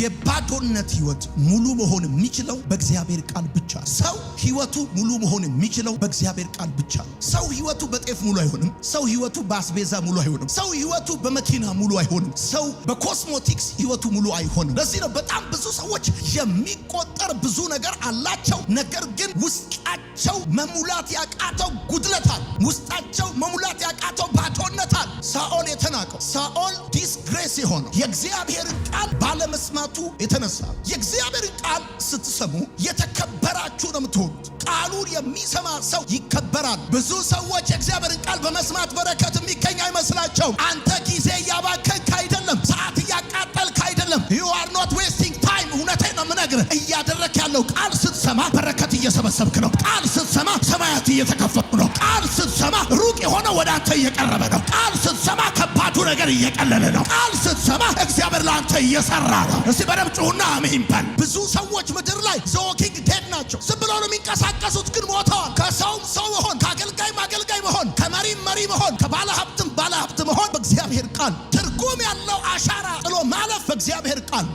የባዶነት ህይወት ሙሉ መሆን የሚችለው በእግዚአብሔር ቃል ብቻ። ሰው ህይወቱ ሙሉ መሆን የሚችለው በእግዚአብሔር ቃል ብቻ። ሰው ህይወቱ በጤፍ ሙሉ አይሆንም። ሰው ህይወቱ በአስቤዛ ሙሉ አይሆንም። ሰው ህይወቱ በመኪና ሙሉ አይሆንም። ሰው በኮስሞቲክስ ህይወቱ ሙሉ አይሆንም። ለዚህ ነው በጣም ብዙ ሰዎች የሚቆጠር ብዙ ነገር አላቸው፣ ነገር ግን ውስጣቸው መሙላት ያቃተው ጉድለታል። ውስጣቸው መሙላት ያቃተው ባዶነታል። ሳኦል የተናቀው ሳኦል ዲስግሬስ የሆነው የእግዚአብሔርን ቃል ባለመስማ ከመስማቱ የተነሳ የእግዚአብሔርን ቃል ስትሰሙ የተከበራችሁ ነው የምትሆኑት። ቃሉን የሚሰማ ሰው ይከበራል። ብዙ ሰዎች የእግዚአብሔርን ቃል በመስማት በረከት የሚገኝ አይመስላቸውም። አንተ ጊዜ እያባከንክ አይደለም፣ ሰዓት እያቃጠልክ አይደለም። ዩ አር ኖት ዌስት ስነግርህ እያደረክ ያለው ቃል ስትሰማ በረከት እየሰበሰብክ ነው። ቃል ስትሰማ ሰማያት እየተከፈቱ ነው። ቃል ስትሰማ ሩቅ የሆነ ወደ አንተ እየቀረበ ነው። ቃል ስትሰማ ከባዱ ነገር እየቀለለ ነው። ቃል ስትሰማ እግዚአብሔር ለአንተ እየሰራ ነው። እስቲ በደም ጩሁና አሜን በል። ብዙ ሰዎች ምድር ላይ ዘወኪንግ ዴድ ናቸው። ዝም ብለው ነው የሚንቀሳቀሱት፣ ግን ሞተዋል። ከሰውም ሰው መሆን፣ ከአገልጋይም አገልጋይ መሆን፣ ከመሪም መሪ መሆን፣ ከባለ ሀብትም ባለ ሀብት መሆን በእግዚአብሔር ቃል ትርጉም ያለው አሻራ ጥሎ ማለፍ በእግዚአብሔር ቃል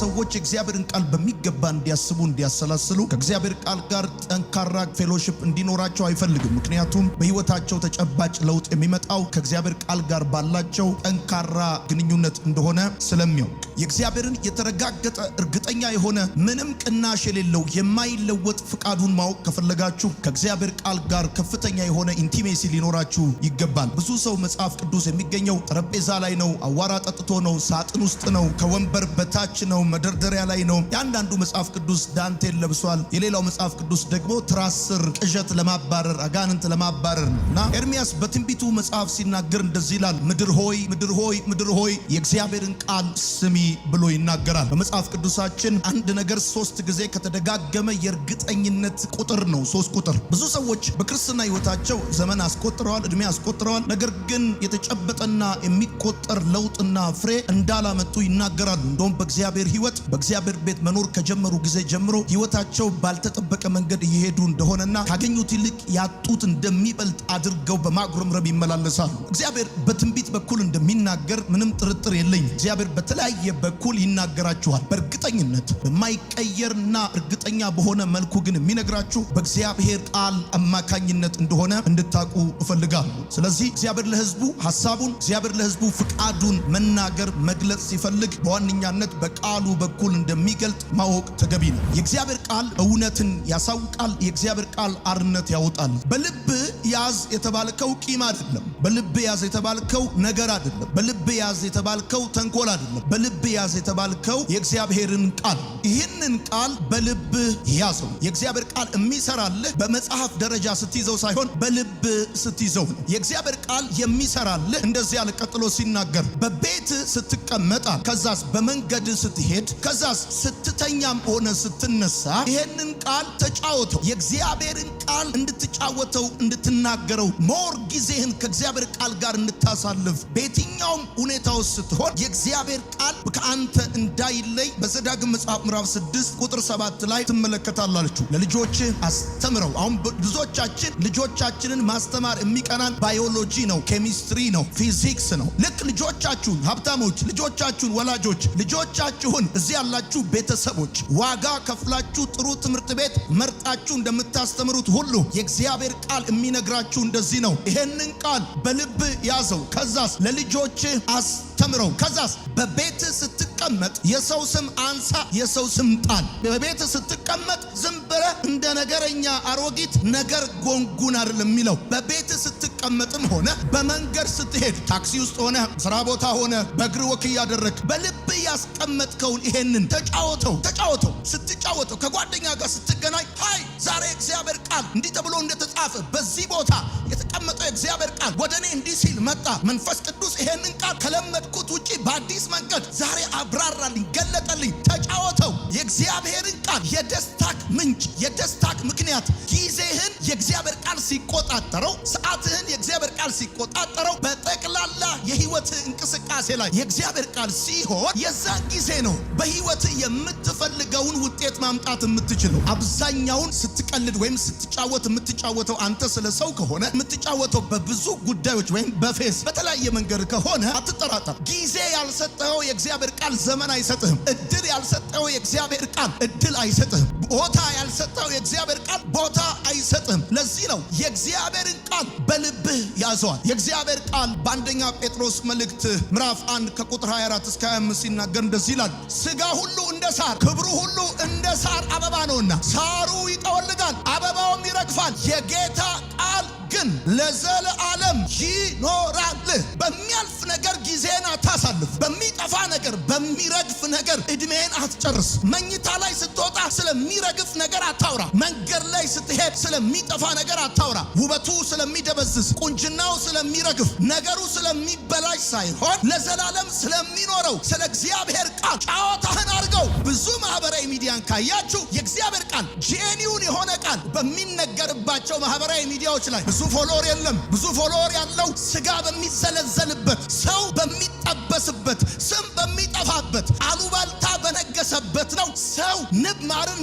ሰዎች የእግዚአብሔርን ቃል በሚገባ እንዲያስቡ እንዲያሰላስሉ ከእግዚአብሔር ቃል ጋር ጠንካራ ፌሎሽፕ እንዲኖራቸው አይፈልግም። ምክንያቱም በህይወታቸው ተጨባጭ ለውጥ የሚመጣው ከእግዚአብሔር ቃል ጋር ባላቸው ጠንካራ ግንኙነት እንደሆነ ስለሚያውቅ የእግዚአብሔርን የተረጋገጠ እርግጠኛ የሆነ ምንም ቅናሽ የሌለው የማይለወጥ ፍቃዱን ማወቅ ከፈለጋችሁ ከእግዚአብሔር ቃል ጋር ከፍተኛ የሆነ ኢንቲሜሲ ሊኖራችሁ ይገባል። ብዙ ሰው መጽሐፍ ቅዱስ የሚገኘው ጠረጴዛ ላይ ነው፣ አዋራ ጠጥቶ ነው፣ ሳጥን ውስጥ ነው፣ ከወንበር በታች ነው፣ መደርደሪያ ላይ ነው። የአንዳንዱ መጽሐፍ ቅዱስ ዳንቴን ለብሷል፣ የሌላው መጽሐፍ ቅዱስ ደግሞ ትራስ ስር ቅዠት ለማባረር አጋንንት ለማባረር ነው እና ኤርሚያስ በትንቢቱ መጽሐፍ ሲናገር እንደዚህ ይላል፣ ምድር ሆይ ምድር ሆይ ምድር ሆይ የእግዚአብሔርን ቃል ስሚ እንዲህ ብሎ ይናገራል። በመጽሐፍ ቅዱሳችን አንድ ነገር ሶስት ጊዜ ከተደጋገመ የእርግጠኝነት ቁጥር ነው። ሶስት ቁጥር ብዙ ሰዎች በክርስትና ህይወታቸው ዘመን አስቆጥረዋል፣ እድሜ አስቆጥረዋል። ነገር ግን የተጨበጠና የሚቆጠር ለውጥና ፍሬ እንዳላመጡ ይናገራሉ። እንደውም በእግዚአብሔር ህይወት በእግዚአብሔር ቤት መኖር ከጀመሩ ጊዜ ጀምሮ ህይወታቸው ባልተጠበቀ መንገድ እየሄዱ እንደሆነና ካገኙት ይልቅ ያጡት እንደሚበልጥ አድርገው በማጉረምረም ይመላለሳሉ። እግዚአብሔር በትንቢት በኩል እንደሚናገር ምንም ጥርጥር የለኝም። እግዚአብሔር በተለያየ በኩል ይናገራችኋል። በእርግጠኝነት በማይቀየርና እርግጠኛ በሆነ መልኩ ግን የሚነግራችሁ በእግዚአብሔር ቃል አማካኝነት እንደሆነ እንድታቁ እፈልጋለሁ። ስለዚህ እግዚአብሔር ለሕዝቡ ሀሳቡን እግዚአብሔር ለሕዝቡ ፍቃዱን መናገር መግለጽ ሲፈልግ በዋነኛነት በቃሉ በኩል እንደሚገልጥ ማወቅ ተገቢ ነው። የእግዚአብሔር ቃል እውነትን ያሳውቃል። የእግዚአብሔር ቃል አርነት ያወጣል። በልብ ያዝ የተባልከው ቂም አይደለም። በልብ ያዝ የተባልከው ነገር አይደለም። በልብ ያዝ የተባልከው ተንኮል አይደለም። በልብ በልብ ያዝ የተባልከው የእግዚአብሔርን ቃል ይህንን ቃል በልብ ያዘው። የእግዚአብሔር ቃል የሚሰራልህ በመጽሐፍ ደረጃ ስትይዘው ሳይሆን በልብ ስትይዘው ነው። የእግዚአብሔር ቃል የሚሰራልህ እንደዚህ ያለ ቀጥሎ ሲናገር በቤት ስትቀመጣል፣ ከዛስ በመንገድ ስትሄድ፣ ከዛስ ስትተኛም ሆነ ስትነሳ ይህንን ቃል ተጫወተው። የእግዚአብሔርን ቃል እንድትጫወተው እንድትናገረው፣ ሞር ጊዜህን ከእግዚአብሔር ቃል ጋር እንድታሳልፍ በየትኛውም ሁኔታ ውስጥ ስትሆን የእግዚአብሔር ቃል ከአንተ እንዳይለይ በዘዳግም መጽሐፍ ምዕራፍ 6 ቁጥር 7 ላይ ትመለከታላችሁ። ለልጆችህ አስተምረው። አሁን ብዙዎቻችን ልጆቻችንን ማስተማር የሚቀናን ባዮሎጂ ነው፣ ኬሚስትሪ ነው፣ ፊዚክስ ነው። ልክ ልጆቻችሁን ሀብታሞች፣ ልጆቻችሁን ወላጆች፣ ልጆቻችሁን እዚህ ያላችሁ ቤተሰቦች ዋጋ ከፍላችሁ ጥሩ ትምህርት ቤት መርጣችሁ እንደምታስተምሩት ሁሉ የእግዚአብሔር ቃል የሚነግራችሁ እንደዚህ ነው። ይሄንን ቃል በልብ ያዘው። ከዛስ ለልጆችህ አስ አታስተምረው። ከዛስ በቤት ስትቀመጥ የሰው ስም አንሳ፣ የሰው ስም ጣል። በቤት ስትቀመጥ ዝም ብለህ እንደ ነገረኛ አሮጊት ነገር ጎንጉን አይደለም የሚለው በቤት ስትቀመጥም ሆነ በመንገድ ስትሄድ ታክሲ ውስጥ ሆነ ስራ ቦታ ሆነ በእግር ወክ እያደረግ በልብ ያስቀመጥከውን ይሄንን ተጫወተው ተጫወተው ስትጫወተው ከጓደኛ ጋር ስትገናኝ ሀይ ዛሬ እግዚአብሔር ቃል እንዲህ ተብሎ እንደተጻፈ በዚህ ቦታ የተቀመጠው እግዚአብሔር ቃል ወደ እኔ እንዲህ ሲል መጣ። መንፈስ ቅዱስ ይሄንን ቃል ከለመድኩት ውጭ በአዲስ መንገድ ዛሬ አብራራልኝ፣ ገለጠልኝ። ተጫወተው የእግዚአብሔርን ቃል የደስታክ ምንጭ የደስታክ ምክንያት ጊዜህን የእግዚአብሔር ቃል ሲቆጣጠረው ሰዓትህን የእግዚአብሔር ቃል ሲቆጣጠረው በጠቅላላ የህይወት እንቅስቃሴ ላይ የእግዚአብሔር ቃል ሲሆን የዛን ጊዜ ነው በህይወት የምትፈልገውን ውጤት ማምጣት የምትችለው። አብዛኛውን ስትቀልድ ወይም ስትጫወት የምትጫወተው አንተ ስለ ሰው ከሆነ የምትጫወተው በብዙ ጉዳዮች ወይም በፌስ በተለያየ መንገድ ከሆነ አትጠራጠር። ጊዜ ያልሰጠኸው የእግዚአብሔር ቃል ዘመን አይሰጥህም። እድል ያልሰጠኸው የእግዚአብሔር ቃል እድል አይሰጥህም። ቦታ ያልሰጠኸው የእግዚአብሔር ቃል ቦታ አይሰጥህም። ለዚህ ነው የእግዚአብሔርን ቃል በልብ በልብህ ያዘዋል። የእግዚአብሔር ቃል በአንደኛ ጴጥሮስ መልእክት ምዕራፍ 1 ከቁጥር 24 እስከ 25 ሲናገር እንደዚህ ይላል፣ ስጋ ሁሉ እንደ ሳር፣ ክብሩ ሁሉ እንደ ሳር አበባ ነውና ሳሩ ይጠወልጋል፣ አበባውም ይረግፋል፣ የጌታ ቃል ግን ለዘለዓለም ይኖራል በሚያልፍ ነገር ጊዜን አታሳልፍ። በሚጠፋ ነገር፣ በሚረግፍ ነገር እድሜን አትጨርስ። መኝታ ላይ ስትወጣ ስለሚረግፍ ነገር አታውራ። መንገድ ላይ ስትሄድ ስለሚጠፋ ነገር አታውራ። ውበቱ ስለሚደበዝዝ፣ ቁንጅናው ስለሚረግፍ፣ ነገሩ ስለሚበላሽ ሳይሆን ለዘላለም ስለሚኖረው ስለ እግዚአብሔር ቃል ጨዋታህን አድርገው። ብዙ ማህበራዊ ሚዲያን ካያችሁ የእግዚአብሔር ቃል ጄኒውን የሆነ ቃል በሚነገርባቸው ማህበራዊ ሚዲያዎች ላይ ብዙ ፎሎወር የለም። ብዙ ፎሎወር ያለው ስጋ በሚዘለዘልበት ሰው በሚጠበስበት ስም በሚጠፋበት አሉባልታ በነገሰበት ነው ሰው ንብ ማርን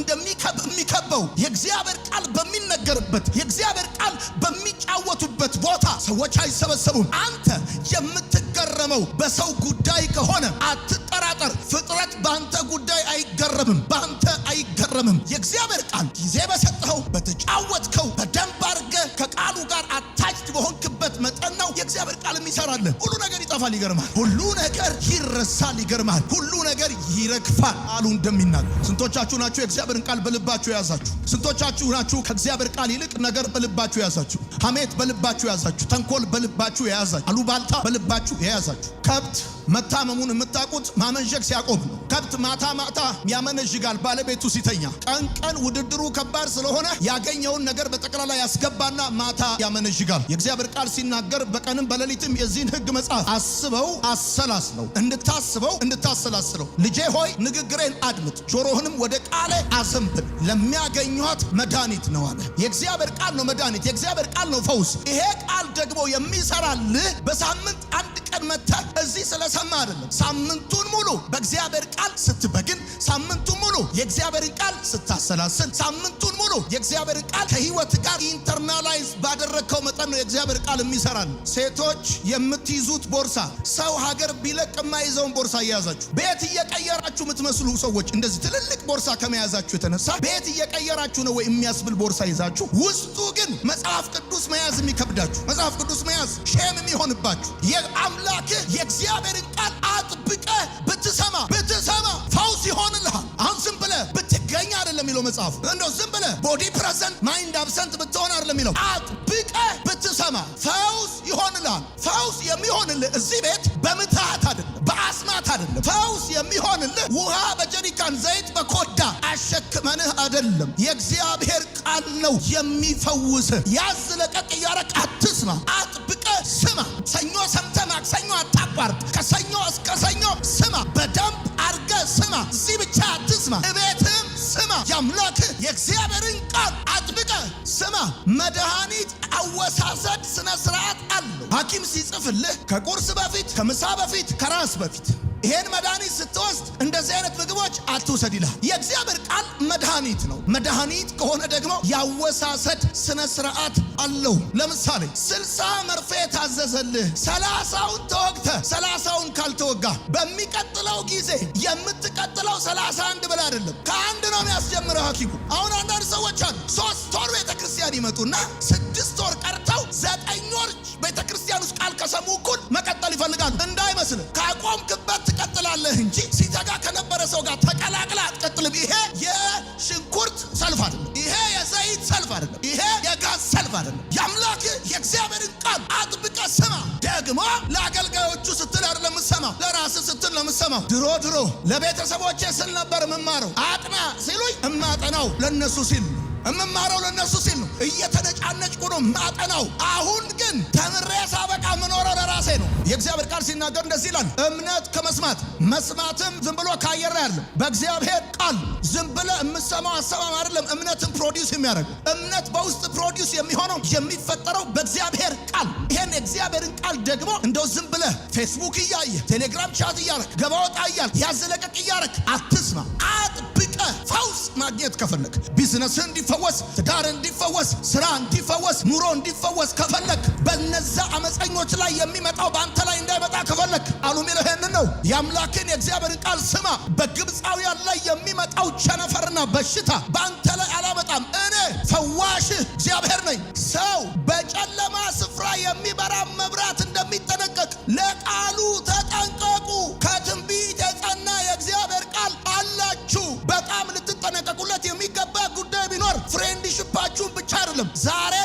እንደሚከበው የእግዚአብሔር ቃል በሚነገርበት የእግዚአብሔር ቃል በሚጫወቱበት ቦታ ሰዎች አይሰበሰቡም። አንተ የምትገረመው በሰው ጉዳይ ከሆነ አትጠራጠር። ፍጥረት በአንተ ጉዳይ አይገረምም፣ በአንተ አይገረምም። የእግዚአብሔር ቃል ጊዜ በሰጠኸው በተጫወትከው በደንብ አድርገህ ከቃሉ ጋር አታች በሆንክበት መጠና የእግዚአብሔር ቃል የሚሰራለን። ሁሉ ነገር ይጠፋል፣ ይገርማል። ሁሉ ነገር ይረሳል፣ ይገርማል። ሁሉ ነገር ይረግፋል አሉ እንደሚናገር። ስንቶቻችሁ ናችሁ የእግዚአብሔርን ቃል በልባችሁ የያዛችሁ? ስንቶቻችሁ ናችሁ ከእግዚአብሔር ቃል ይልቅ ነገር በልባችሁ የያዛችሁ? ሐሜት በልባችሁ የያዛችሁ፣ ተንኮል በልባችሁ የያዛችሁ፣ አሉባልታ በልባችሁ የያዛችሁ። ከብት መታመሙን የምታውቁት ማመንዠግ ሲያቆም ነው። ከብት ማታ ማታ ያመነዥጋል ባለቤቱ ሲተኛ። ቀን ቀን ውድድሩ ከባድ ስለሆነ ያገኘውን ነገር በጠቅላላ ያስገባና ማታ ያመነዥጋል። የእግዚአብሔር ቃል ሲናገር በቀንም በሌሊትም የዚህን ህግ መጽሐፍ አስበው አሰላስለው እንድታስበው እንድታሰላስለው። ልጄ ሆይ ንግግሬን አድምጥ፣ ጆሮህንም ወደ ቃሌ አዘንብል፣ ለሚያገኟት መድኃኒት ነው አለ። የእግዚአብሔር ቃል ነው መድኃኒት፣ የእግዚአብሔር ቃል ነው ፈውስ። ይሄ ቃል ደግሞ የሚሰራልህ በሳምንት አንድ ቀን መጥተህ እዚህ ስለሰማ አይደለም። ሳምንቱን ሙሉ በእግዚአብሔር ቃል ስትበግን፣ ሳምንቱን ሙሉ የእግዚአብሔርን ቃል ስታሰላስል፣ ሳምንቱን ሙሉ የእግዚአብሔርን ቃል ከህይወት ጋር ኢንተርናላይዝ ባደረግከው መጠን ነው የእግዚአብሔር ቃል የሚሰራል። ሴቶች የምትይዙት ቦርሳ ሰው ሀገር ቢለቅ የማይዘውን ቦርሳ እየያዛችሁ ቤት እየቀየራችሁ የምትመስሉ ሰዎች እንደዚህ ትልልቅ ቦርሳ ከመያዛችሁ የተነሳ ቤት እየቀየራችሁ ነው ወይ የሚያስብል ቦርሳ ይዛችሁ ውስጡ ግን መጽሐፍ ቅዱስ መያዝ የሚከብዳችሁ መጽሐፍ ቅዱስ መያዝ ሼም የሚሆንባችሁ አምላክህ የእግዚአብሔርን ቃል አጥብቀህ ብትሰማ ብትሰማ ፈውስ ይሆንልሃል። አሁን ዝም ብለህ ብትገኝ አይደለም የሚለው መጽሐፉ። እንደው ዝም ብለህ ቦዲ ፕረዘንት ማይንድ አብሰንት ብትሆን አይደለም የሚለው፣ አጥብቀህ ብትሰማ ፈውስ ይሆንልሃል። ፈውስ የሚሆንልህ እዚህ ቤት በምትሃት አይደለም በአስማት አይደለም። ፈውስ የሚሆንልህ ውሃ በጀሪካን ዘይት በኮዳ አሸክመንህ አይደለም። የእግዚአብሔር ቃል ነው የሚፈውስህ። ያዝ ለቀቅ እያረቅ አትስማ፣ አጥብቀ ስማ። ሰኞ ሰምተ ማክሰኞ አታቋርጥ። ከሰኞ እስከ ሰኞ ስማ፣ በደንብ አርገ ስማ። እዚህ ብቻ አትስማ፣ እቤትህም ስማ። የአምላክህ የእግዚአብሔርን ቃል አጥብቀ ስማ። መድኃኒት አወሳሰድ ስነ ስራ ሐኪም ሲጽፍልህ ከቁርስ በፊት ከምሳ በፊት ከራስ በፊት ይሄን መድኃኒት ስትወስድ እንደዚህ አይነት ምግቦች አትውሰድ ይልሃል። የእግዚአብሔር ቃል መድኃኒት ነው። መድኃኒት ከሆነ ደግሞ ያወሳሰድ ስነ ስርዓት አለው። ለምሳሌ ስልሳ መርፌ ታዘዘልህ፣ ሰላሳውን ተወግተ ሰላሳውን ካልተወጋ በሚቀጥለው ጊዜ የምትቀጥለው ሰላሳ አንድ ብላ አይደለም ከአንድ ነው የሚያስጀምረው ሐኪሙ። አሁን አንዳንድ ሰዎች አሉ ሶስት ወር ቤተ ክርስቲያን ይመጡና ስድስት ወር ቀርተው ዘጠኝ ወር ክርስቲያን ውስጥ ቃል ከሰሙ እኩል መቀጠል ይፈልጋሉ። እንዳይመስልህ ካቆምክበት ትቀጥላለህ እንጂ ሲዘጋ ከነበረ ሰው ጋር ተቀላቅላ አትቀጥልም። ይሄ የሽንኩርት ሰልፍ አይደለም። ይሄ የዘይት ሰልፍ አይደለም። ይሄ የጋዝ ሰልፍ አይደለም። የአምላክ የእግዚአብሔርን ቃል አጥብቀ ስማ። ደግሞ ለአገልጋዮቹ ስትል አይደለም የምትሰማው፣ ለራስ ስትል ለምሰማው ድሮ ድሮ ለቤተሰቦቼ ስል ነበር የምማረው። አጥና ሲሉኝ እማጠናው ለእነሱ ሲል እምማረው ለእነሱ ሲል ነው። እየተነጫነጭኩ ነው ማጠናው። አሁን ግን ተምሬ ሳበቃ ምኖረ የእግዚአብሔር ቃል ሲናገር እንደዚህ ይላል፣ እምነት ከመስማት መስማትም ዝም ብሎ ካየር ያለ በእግዚአብሔር ቃል ዝም ብለ የምሰማው አሰማም አይደለም። እምነትን ፕሮዲውስ የሚያደርግ እምነት በውስጥ ፕሮዲውስ የሚሆነው የሚፈጠረው በእግዚአብሔር ቃል። ይሄን የእግዚአብሔርን ቃል ደግሞ እንደው ዝም ብለ ፌስቡክ እያየ ቴሌግራም ቻት እያረግ ገባ እያል ያዘለቀቅ እያረግ አትስማ። አጥብቀ ፈውስ ማግኘት ከፈለግ ቢዝነስ እንዲፈወስ፣ ትዳር እንዲፈወስ፣ ስራ እንዲፈወስ፣ ኑሮ እንዲፈወስ ከፈለግ በነዛ አመፀኞች ላይ የሚመጣው በአንተ በአንተ ላይ እንዳይመጣ ከፈለግ አሉ ሚለው ነው። የአምላክን የእግዚአብሔርን ቃል ስማ። በግብፃውያን ላይ የሚመጣው ቸነፈርና በሽታ በአንተ ላይ አላመጣም። እኔ ፈዋሽህ እግዚአብሔር ነኝ። ሰው በጨለማ ስፍራ የሚበራ መብራት እንደሚጠነቀቅ ለቃሉ ተጠንቀቁ። ከትንቢት የጸና የእግዚአብሔር ቃል አላችሁ። በጣም ልትጠነቀቁለት የሚገባ ጉዳይ ቢኖር ፍሬንድሽፓችሁን ብቻ አይደለም ዛሬ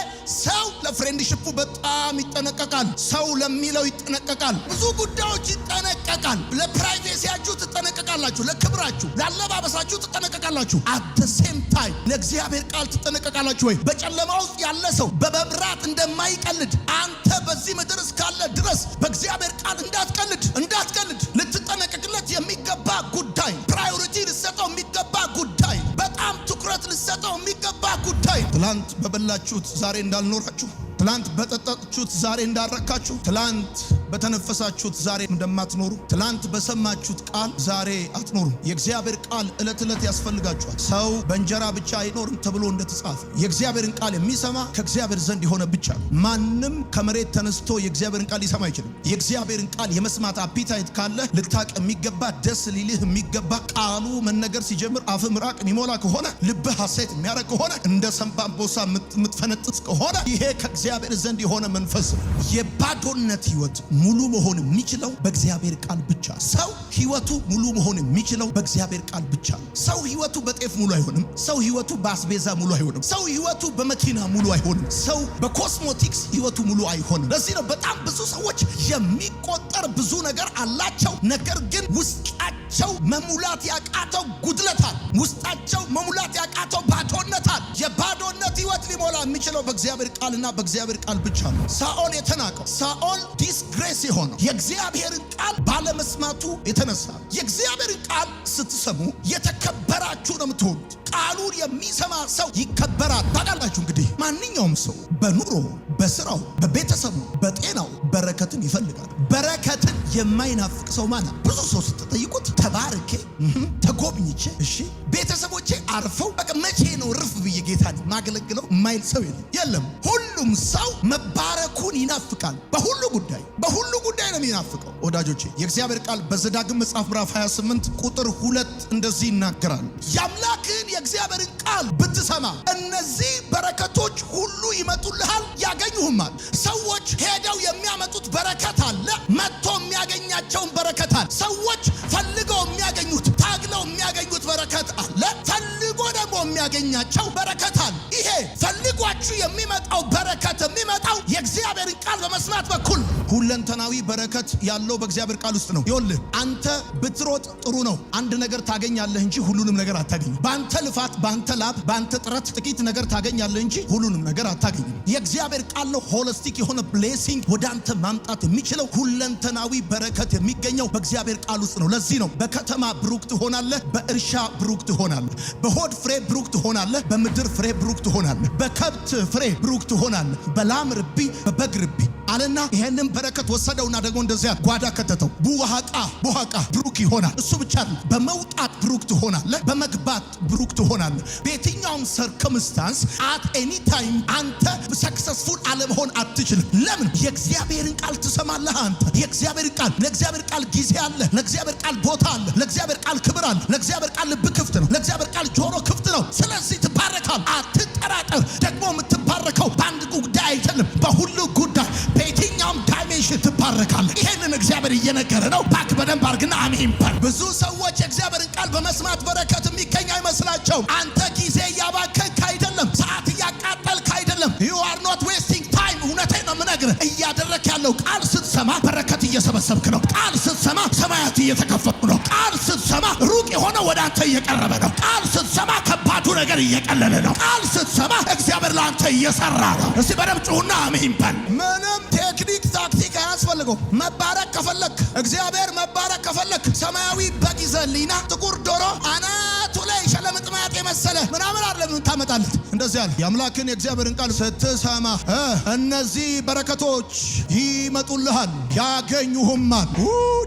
ሰው ለፍሬንድሽፑ በጣም ይጠነቀቃል። ሰው ለሚለው ይጠነቀቃል። ብዙ ጉዳዮች ይጠነቀቃል። ለፕራይቬሲያችሁ ትጠነቀቃላችሁ። ለክብራችሁ፣ ለአለባበሳችሁ ትጠነቀቃላችሁ። አት ሴም ታይም ለእግዚአብሔር ቃል ትጠነቀቃላችሁ ወይ? በጨለማ ውስጥ ያለ ሰው በመብራት እንደማይቀልድ አንተ በዚህ ምድር እስካለ ድረስ በእግዚአብሔር ቃል እንዳትቀልድ እንዳትቀልድ። ልትጠነቀቅለት የሚገባ ጉዳይ፣ ፕራዮሪቲ ልትሰጠው የሚገባ ጉዳይ በጣም ትኩረት ልሰጠው የሚገባ ጉዳይ። ትላንት በበላችሁት ዛሬ እንዳልኖራችሁ፣ ትላንት በጠጣችሁት ዛሬ እንዳረካችሁ፣ ትላንት በተነፈሳችሁት ዛሬ እንደማትኖሩ፣ ትላንት በሰማችሁት ቃል ዛሬ አትኖሩም። የእግዚአብሔር ቃል ዕለት ዕለት ያስፈልጋችኋል። ሰው በእንጀራ ብቻ አይኖርም ተብሎ እንደተጻፈ የእግዚአብሔርን ቃል የሚሰማ ከእግዚአብሔር ዘንድ የሆነ ብቻ ነው። ማንም ከመሬት ተነስቶ የእግዚአብሔርን ቃል ሊሰማ አይችልም። የእግዚአብሔርን ቃል የመስማት አፒታይት ካለ ልታቅ የሚገባ ደስ ሊልህ የሚገባ ቃሉ መነገር ሲጀምር አፍ ምራቅ የሚሞላ ከሆነ ልብህ ሐሴት የሚያደርግ ከሆነ እንደ ሰንባቦሳ የምትፈነጥስ ከሆነ ይሄ ከእግዚአብሔር ዘንድ የሆነ መንፈስ ነው። የባዶነት ህይወት ሙሉ መሆን የሚችለው በእግዚአብሔር ቃል ብቻ። ሰው ህይወቱ ሙሉ መሆን የሚችለው በእግዚአብሔር ቃል ብቻ። ሰው ህይወቱ በጤፍ ሙሉ አይሆንም። ሰው ህይወቱ በአስቤዛ ሙሉ አይሆንም። ሰው ህይወቱ በመኪና ሙሉ አይሆንም። ሰው በኮስሞቲክስ ህይወቱ ሙሉ አይሆንም። ለዚህ ነው በጣም ብዙ ሰዎች የሚቆጠር ብዙ ነገር አላቸው፣ ነገር ግን ውስጥ ውስጣቸው መሙላት ያቃተው ጉድለታል። ውስጣቸው መሙላት ያቃተው ባዶነታል። የባዶነት ህይወት ሊሞላ የሚችለው በእግዚአብሔር ቃልና በእግዚአብሔር ቃል ብቻ ነው። ሳኦል የተናቀው ሳኦል ዲስግሬስ የሆነው የእግዚአብሔርን ቃል ባለመስማቱ የተነሳ የእግዚአብሔርን ቃል ስትሰሙ የተከበራችሁ ነው የምትሆኑት። ቃሉን የሚሰማ ሰው ይከበራል። ታውቃላችሁ እንግዲህ ማንኛውም ሰው በኑሮ በስራው በቤተሰቡ በጤናው በረከትን ይፈልጋል። በረከትን የማይናፍቅ ሰው ማለት ብዙ ሰው ስትጠይቁት ተባርኬ ተጎብኝቼ እሺ ቤተሰቦቼ አርፈው በቃ መቼ ርፍ ብዬ ጌታ ማገለግለው ማይል ሰው የለም የለም። ሁሉም ሰው መባረኩን ይናፍቃል። በሁሉ ጉዳይ በሁሉ ጉዳይ ነው የሚናፍቀው። ወዳጆቼ የእግዚአብሔር ቃል በዘዳግም መጽሐፍ ምዕራፍ 28 ቁጥር ሁለት እንደዚህ ይናገራል። የአምላክን የእግዚአብሔርን ቃል ብትሰማ እነዚህ በረከቶች ሁሉ ይመጡልሃል፣ ያገኙህማል። ሰዎች ሄደው የሚያመጡት በረከት አለ፣ መጥቶ የሚያገኛቸውን በረከት አለ። ሰዎች ፈልገው የሚያገኙት ታግለው የሚያገኙት በረከት አለ፣ ፈልጎ ደግሞ የሚያገኛ ያገኛቸው በረከት አለ። ይሄ ፈልጓችሁ የሚመጣው በረከት የሚመጣው የእግዚአብሔርን ቃል በመስማት በኩል ሁለንተናዊ በረከት ያለው በእግዚአብሔር ቃል ውስጥ ነው። ይወልህ አንተ ብትሮጥ ጥሩ ነው፣ አንድ ነገር ታገኛለህ እንጂ ሁሉንም ነገር አታገኝም። በአንተ ልፋት፣ በአንተ ላብ፣ በአንተ ጥረት ጥቂት ነገር ታገኛለህ እንጂ ሁሉንም ነገር አታገኝም። የእግዚአብሔር ቃል ነው ሆለስቲክ የሆነ ብሌሲንግ ወደ አንተ ማምጣት የሚችለው ሁለንተናዊ በረከት የሚገኘው በእግዚአብሔር ቃል ውስጥ ነው። ለዚህ ነው በከተማ ብሩክ ትሆናለህ፣ በእርሻ ብሩክ ትሆናለህ፣ በሆድ ፍሬ ብሩክ ትሆናለህ፣ በምድር ፍሬ ብሩክ ትሆናለህ፣ በከብት ፍሬ ብሩክ ትሆናለህ፣ በላም ርቢ፣ በበግ ርቢ አለና ይሄንን በረከት ወሰደውና ደግሞ እንደዚያ ጓዳ ከተተው። ቡሃቃ ቡሃቃ ብሩክ ይሆናል። እሱ ብቻ በመውጣት ብሩክ ትሆናለ፣ በመግባት ብሩክ ትሆናለ። በየትኛውም ሰርከምስታንስ አት ኤኒ ታይም አንተ ሰክሰስፉል አለመሆን አትችልም። ለምን? የእግዚአብሔርን ቃል ትሰማለህ። አንተ የእግዚአብሔር ቃል ለእግዚአብሔር ቃል ጊዜ አለ፣ ለእግዚአብሔር ቃል ቦታ አለ፣ ለእግዚአብሔር ቃል ክብር አለ፣ ለእግዚአብሔር ቃል ልብ ክፍት ነው፣ ለእግዚአብሔር ቃል ጆሮ ክፍት ነው። ስለዚህ ትባረካል፣ አትጠራጠር። ደግሞ የምትባረከው በአንድ ጉዳይ አይደለም፣ በሁሉ ጉዳይ ምሽት ትባረካለ። ይሄንን እግዚአብሔር እየነገረ ነው። ባክ በደንብ አርግና አሜን በል። ብዙ ሰዎች የእግዚአብሔርን ቃል በመስማት በረከት የሚገኝ አይመስላቸው። አንተ ጊዜ እያባከንክ አይደለም፣ ሰዓት እያቃጠልክ አይደለም። ዩ አር ኖት ዌስቲንግ ታይም። እውነቴ ነው ምነግር እያደረክ ያለው ቃል ስትሰማ በረከት እየሰበሰብክ ነው። ቃል ስትሰማ ሰማያት እየተከፈቱ ነው። ቃል ስትሰማ ሩቅ የሆነ ወደ አንተ እየቀረበ ነው። ቃል ስትሰማ ከባዱ ነገር እየቀለለ ነው። ቃል ስትሰማ እግዚአብሔር ለአንተ እየሰራ ነው። እስቲ በደምብ ጩሁና አሜን በል። ምንም አያስፈልገው። መባረክ ከፈለክ እግዚአብሔር መባረክ ከፈለክ ሰማያዊ በግ ይዘህልኝና ጥቁር ዶሮ አናቱ መሰለ ምናምን አይደለም ታመጣለት። እንደዚህ አለ የአምላክን የእግዚአብሔርን ቃል ስትሰማ እነዚህ በረከቶች ይመጡልሃል፣ ያገኙሁማል።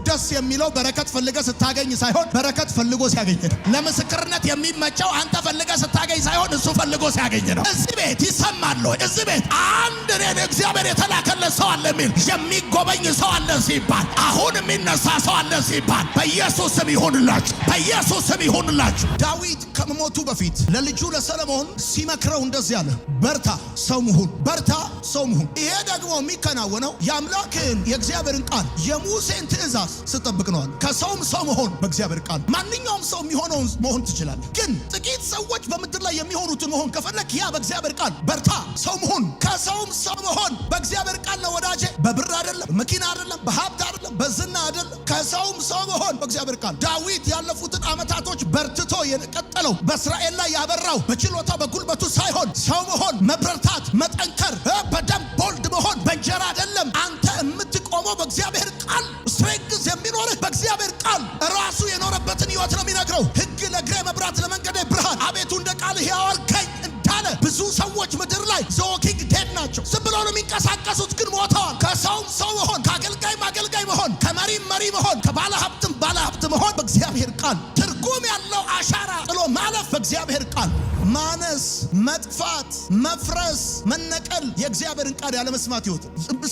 ደስ የሚለው በረከት ፈልገ ስታገኝ ሳይሆን በረከት ፈልጎ ሲያገኝ ነው። ለምስክርነት የሚመቸው አንተ ፈልገ ስታገኝ ሳይሆን እሱ ፈልጎ ሲያገኝ ነው። እዚህ ቤት ይሰማል። እዚህ ቤት አንድ እኔን እግዚአብሔር የተላከለት ሰው አለ የሚል የሚጎበኝ ሰው አለ ሲባል አሁን የሚነሳ ሰው አለ ሲባል በኢየሱስ ስም ይሁንላችሁ፣ በኢየሱስ ስም ይሁንላችሁ። ዳዊት ከመሞቱ በፊት ለልጁ ለሰለሞን ሲመክረው እንደዚህ አለ፣ በርታ ሰው ምሁን፣ በርታ ሰው ምሁን። ይሄ ደግሞ የሚከናወነው የአምላክን የእግዚአብሔርን ቃል የሙሴን ትእዛዝ ስጠብቅ ነዋል። ከሰውም ሰው መሆን በእግዚአብሔር ቃል ማንኛውም ሰው የሚሆነውን መሆን ትችላል። ግን ጥቂት ሰዎች በምድር ላይ የሚሆኑትን መሆን ከፈለክ ያ በእግዚአብሔር ቃል በርታ ሰው ምሁን፣ ከሰውም ሰው መሆን በእግዚአብሔር ቃል ነው ወዳጄ። በብር አይደለም፣ በመኪና አይደለም፣ በሀብት አይደለም፣ በዝና አይደለም። ከሰውም ሰው መሆን በእግዚአብሔር ቃል ዳዊት ያለፉትን ዓመታቶች በርትቶ የቀጠለው በእስራኤል ሚካኤል ላይ ያበራው በችሎታው በጉልበቱ ሳይሆን ሰው መሆን፣ መብረታት መጠንከር፣ በደንብ ቦልድ መሆን በእንጀራ አይደለም። አንተ የምትቆመው በእግዚአብሔር ቃል ስትሬንግዝ የሚኖርህ በእግዚአብሔር ቃል ራሱ የኖረበትን ህይወት ነው የሚነግረው። ህግ ለእግሬ መብራት፣ ለመንገዴ ብርሃን፣ አቤቱ እንደ ቃል ሕያው አልከኝ እንዳለ ብዙ ሰዎች ምድር ላይ ዘወኪንግ ዴድ ናቸው። ዝም ብለው ነው የሚንቀሳቀሱት፣ ግን ሞተዋል። ከሰውም ሰው መሆን፣ ከአገልጋይም አገልጋይ መሆን፣ ከመሪም መሪ መሆን፣ ከባለሀብትም ባለሀብት መሆን በእግዚአብሔር ቃል ትርጉም ያለው አሻራ ጥሎ ማለፍ በእግዚአብሔር ቃል ማነስ፣ መጥፋት፣ መፍረስ፣ መነቀል የእግዚአብሔርን ቃል ያለመስማት ይወት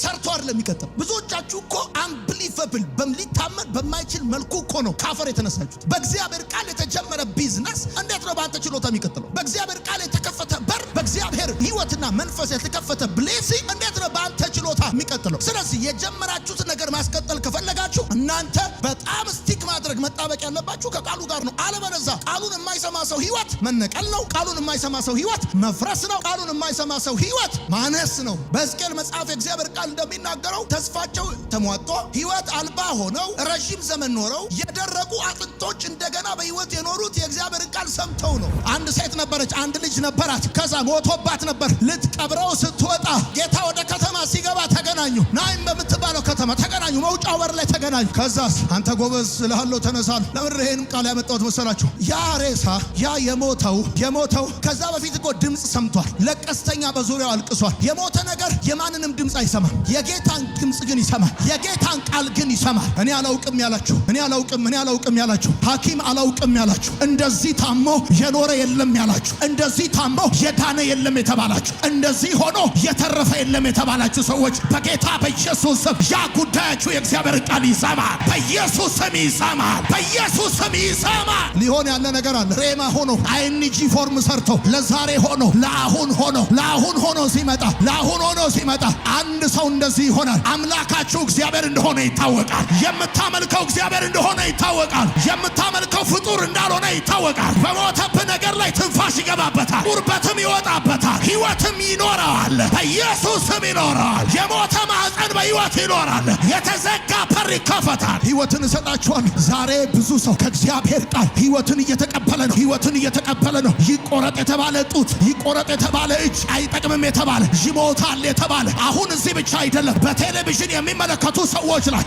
ሰርቶ አይደለም የሚቀጥለው። ብዙዎቻችሁ እኮ አንብሊቨብል ሊታመን በማይችል መልኩ እኮ ነው ካፈር የተነሳችሁት። በእግዚአብሔር ቃል የተጀመረ ቢዝነስ እንዴት ነው በአንተ ችሎታ የሚቀጥለው? በእግዚአብሔር ቃል የተከፈተ በር፣ በእግዚአብሔር ህይወትና መንፈስ የተከፈተ ብሌሲንግ እንዴት ነው በአንተ ችሎታ የሚቀጥለው? ስለዚህ የጀመራችሁት ነገር ማስቀጠል ከፈለጋችሁ እናንተ በጣም ስቲክ ማድረግ መጣበቅ ያለባችሁ ከቃሉ ጋር ነው። አለበለዛ ቃሉን የማይሰማ ሰው ህይወት መነቀል ነው ቃሉ ቃሉን የማይሰማ ሰው ህይወት መፍረስ ነው። ቃሉን የማይሰማ ሰው ህይወት ማነስ ነው። በሕዝቅኤል መጽሐፍ የእግዚአብሔር ቃል እንደሚናገረው ተስፋቸው ተሟጦ ህይወት አልባ ሆነው ረዥም ዘመን ኖረው የደረቁ አጥንቶች እንደገና በህይወት የኖሩት የእግዚአብሔር ቃል ሰምተው ነው። አንድ ሴት ነበረች፣ አንድ ልጅ ነበራት። ከዛ ሞቶባት ነበር። ልትቀብረው ስትወጣ ጌታ ወደ ከተማ ሲገባ ተገናኙ። ናይም በምትባለው ከተማ ተገናኙ። መውጫ በር ላይ ተገናኙ። ከዛስ አንተ ጎበዝ እልሃለሁ ተነሳል። ለምድር ይሄንም ቃል ያመጣሁት መሰላችሁ ያ ሬሳ ያ የሞተው የሞተው ሰው ከዛ በፊት እኮ ድምፅ ሰምቷል። ለቀስተኛ በዙሪያው አልቅሷል። የሞተ ነገር የማንንም ድምፅ አይሰማም። የጌታን ድምፅ ግን ይሰማል። የጌታን ቃል ግን ይሰማል። እኔ አላውቅም ያላችሁ፣ እኔ አላውቅም፣ እኔ አላውቅም ያላችሁ፣ ሐኪም አላውቅም ያላችሁ፣ እንደዚህ ታሞ የኖረ የለም ያላችሁ፣ እንደዚህ ታሞ የዳነ የለም የተባላችሁ፣ እንደዚህ ሆኖ የተረፈ የለም የተባላችሁ ሰዎች በጌታ በኢየሱስ ስም ያ ጉዳያችሁ የእግዚአብሔር ቃል ይሰማል። በኢየሱስ ስም ይሰማል። በኢየሱስ ስም ይሰማል። ሊሆን ያለ ነገር አለ ሬማ ሆኖ አይንጂ ፎርም ሰርቶ ለዛሬ ሆኖ ለአሁን ሆኖ ለአሁን ሆኖ ሲመጣ ለአሁን ሆኖ ሲመጣ አንድ ሰው እንደዚህ ይሆናል። አምላካችሁ እግዚአብሔር እንደሆነ ይታወቃል። የምታመልከው እግዚአብሔር እንደሆነ ይታወቃል። የምታመልከው ፍጡር እንዳልሆነ ይታወቃል። በሞተብ ነገር ላይ ትንፋሽ ይገባበታል፣ ቁርበትም ይወጣበታል፣ ህይወትም ይኖረዋል። በኢየሱስም ይኖረዋል። የሞተ ማዕፀን በህይወት ይኖራል። የተዘጋ በር ይከፈታል። ህይወትን እሰጣችኋል። ዛሬ ብዙ ሰው ከእግዚአብሔር ቃል ህይወትን እየተቀበለ ነው። ህይወትን እየተቀበለ ነው። ይቆረጥ የተባለ ጡት፣ ይቆረጥ የተባለ እጅ፣ አይጠቅምም የተባለ ይሞታል ተባለ። አሁን እዚህ ብቻ አይደለም። በቴሌቪዥን የሚመለከቱ ሰዎች ላይ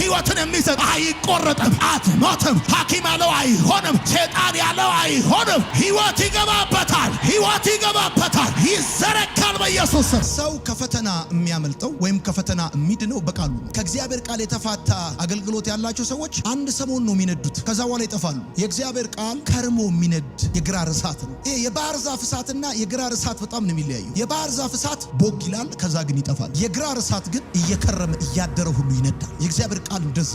ህይወትን የሚሰጥ አይቆረጥም፣ አትሞትም፣ ሐኪም ያለው አይሆንም፣ ሴጣን ያለው አይሆንም። ህይወት ይገባበታል፣ ህይወት ይገባበታል፣ ይዘረካል በኢየሱስ ሰው ከፈተና የሚያመልጠው ወይም ከፈተና የሚድነው በቃሉ ከእግዚአብሔር ቃል የተፋታ አገልግሎት ያላቸው ሰዎች አንድ ሰሞን ነው የሚነዱት፣ ከዛ በኋላ ይጠፋሉ። የእግዚአብሔር ቃል ከርሞ የሚነድ የግራር እሳት ነው። የባህር ዛፍ እሳትና የግራር እሳት በጣም ነው የሚለያዩ። የባህር ዛፍ እሳት ቦግ ይላል ይነዳል፣ ከዛ ግን ይጠፋል። የግራር እሳት ግን እየከረመ እያደረ ሁሉ ይነዳል። የእግዚአብሔር ቃል እንደዛ